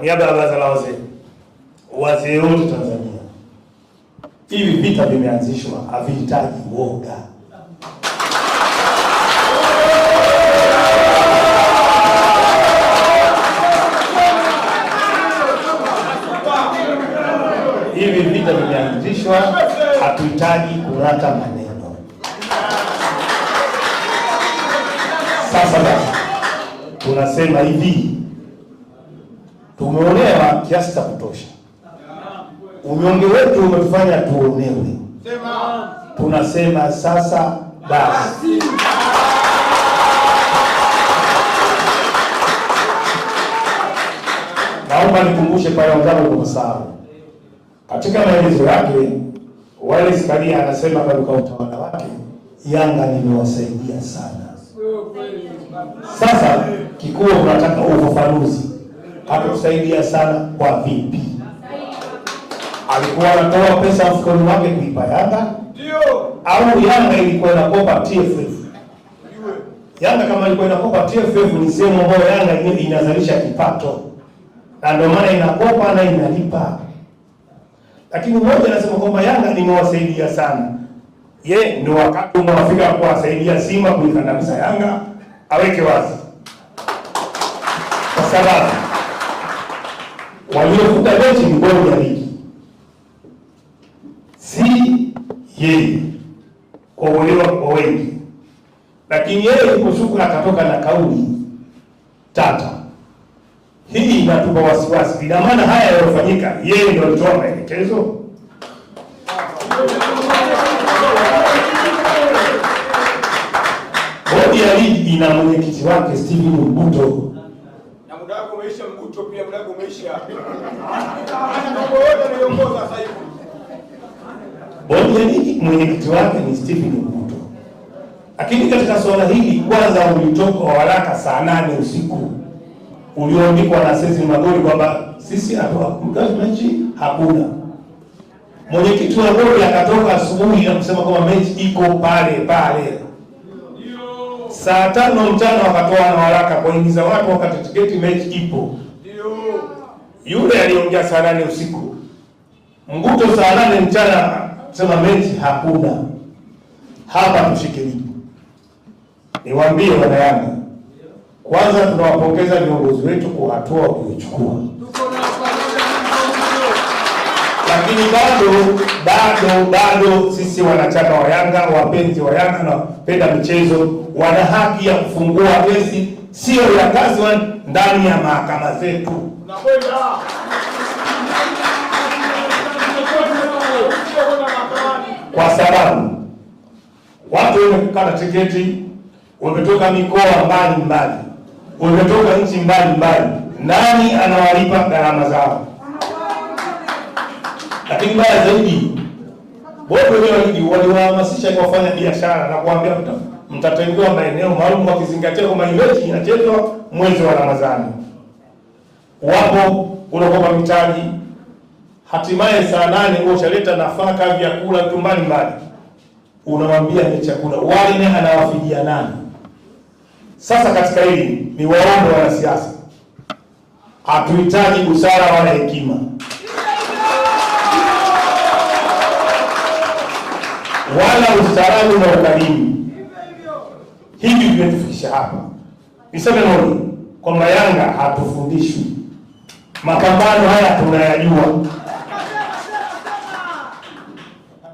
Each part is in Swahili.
niaba ya baraza la wazee, wazee wote Tanzania, hivi vita vimeanzishwa, havihitaji woga. Hivi vita vimeanzishwa, hatuhitaji kurata maneno. Sasa basi tunasema hivi tumeonewa kiasi cha kutosha. Unyonge wetu umefanya tuonewe, tunasema sasa basi. Naomba nikumbushe pale wenzangu kwa sababu katika maelezo yake Wallace Karia anasema katika utawala wake Yanga nimewasaidia sana. Sasa kikuu unataka ufafanuzi ametusaidia sana. Kwa vipi? Alikuwa anatoa pesa mfukoni wake kuipa Yanga au Yanga ilikuwa inakopa TFF? Yanga kama ilikuwa inakopa TFF, ni sehemu ambayo Yanga inazalisha kipato, na ndio maana inakopa na inalipa. Lakini mmoja anasema kwamba Yanga nimewasaidia sana. Ye, ni wakati umewafika kuwasaidia Simba kuikandamiza Yanga, aweke wazi kwa sababu waliofuta mechi ni bodi ya ligi, si yeye, kwa uelewa kwa wengi. Lakini yeye kushuka akatoka na kauli tata. Hii inatupa wasiwasi. Ina maana haya yaliyofanyika, yeye ndio alitoa maelekezo bodi ya ligi ina mwenyekiti wake Steven Mbuto maisha mguto pia mlago maisha mambo yote anaiongoza sasa hivi. Bonge nini mwenyekiti wake ni Stephen Mguto, lakini katika swala hili kwanza ulitoka waraka saa nane usiku ulioandikwa na sisi Magori kwamba sisi mechi hakuna mwenyekiti wa bodi akatoka asubuhi na kusema kwamba mechi iko pale pale saa tano mchana wakatoa na waraka kuingiza watu wakati tiketi mechi ipo. Yule aliongea saa nane usiku, Mguto saa nane mchana sema mechi hakuna hapa, lipo, Niwaambie wanayanga, kwanza tunawapongeza viongozi wetu kwa hatua waliochukua, lakini bado bado bado sisi wanachama wa Yanga, wapenzi wa Yanga na wapenda michezo wana haki ya kufungua kesi sio ya Kazwan ndani ya mahakama zetu. Ah. Kwa sababu watu wenye kukata tiketi wametoka mikoa mbalimbali, wametoka nchi mbalimbali, nani anawalipa gharama zao? Lakini baya zaidi, wote wenyewe waliwahamasisha wafanya biashara na kuambia mtatengewa maeneo maalum wakizingatia kwamba mechi inachezwa mwezi wa Ramadhani. Wapo unakopa mitaji, hatimaye saa nane huwa ushaleta nafaka, vyakula, vitu mbalimbali, unawambia ni chakula wale, anawafidia nani? Sasa katika hili ni waombe wanasiasa, hatuhitaji busara wala hekima wala ustaarabu na ukarimu hivi vimetufikisha hapa. Niseme nini? kwamba Yanga hatufundishwi, mapambano haya tunayajua.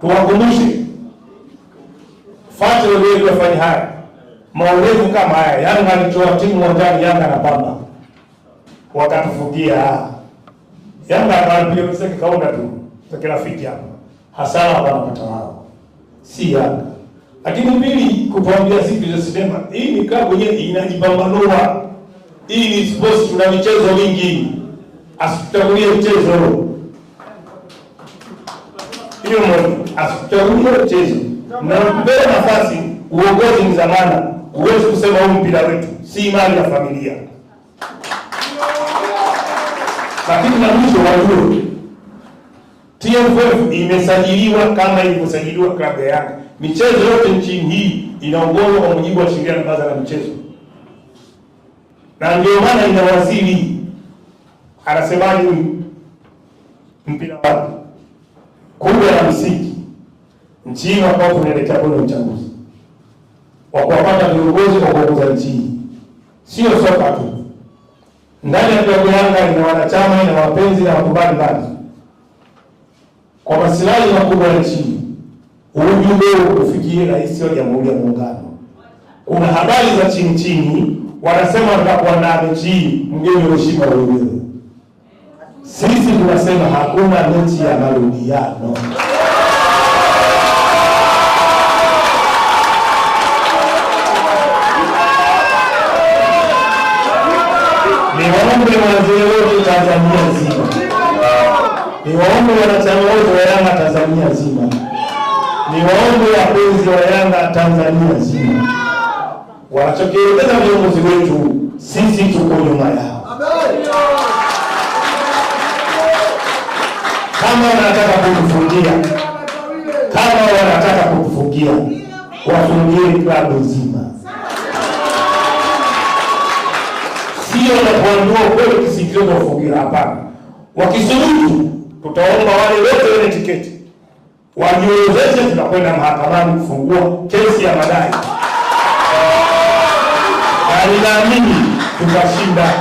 Tuwakumbushe fati waliofanya haya maurefu kama haya, Yanga alitoa timu uwanjani, Yanga na Pamba wakatufungia. Yanga akawapiga kiseke kaunda tu takirafiki hapa, hasara wanapata wao, si Yanga. Lakini pili, kupambia siku sinema hii ni klabu yenyewe inajibambanua hii ni sports, tuna michezo mingi, asitangulie mchezo hiyo moja, asitangulie mchezo na mbele nafasi. Uongozi ni zamana, huwezi kusema huu mpira wetu si mali ya familia, lakini na mwisho wajue TFF imesajiliwa kama ilivyosajiliwa klabu ya Yanga. Michezo yote nchini hii inaongozwa kwa mujibu wa sheria na baraza la michezo, na ndio maana ina waziri anasemaje, mpira wapi kubwa na msingi nchini ambao tunaelekea kwenye uchaguzi wa kuwapata viongozi kwa kuongoza nchini, sio soka tu. Ndani ya klabu Yanga ina wanachama, ina wapenzi na watu mbalimbali kwa masilahi makubwa ya nchi. Ujumbe ufikie rais wa Jamhuri ya Muungano. Kuna habari za chini chini wanasema tutakuandaa mechi hii, mgeni heshima uelewe. Sisi tunasema hakuna mechi ya marudiano. Niwaombe wazee wote Tanzania nzima, niwaombe wanachama wote Tanzania zima. Ni waombe wapenzi wa Yanga Tanzania zima, wanachokielekeza viongozi wetu, sisi tuko nyuma yao. Kama wanataka kutufungia, kama wanataka kutufungia, wafungie klabu nzima, sio na kuambiwa kweli kisikilizo, wafungie. Hapana, wakisurutu waniozeshe, tunakwenda mahakamani kufungua kesi ya madai na ninaamini tutashinda.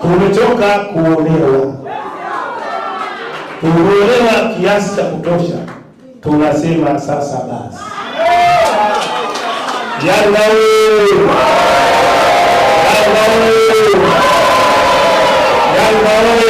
Tumechoka kuonewa, tumeonewa kiasi cha kutosha, tunasema sasa basi. Yanga Yanga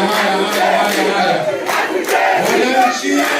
higher, higher, higher, higher, higher. want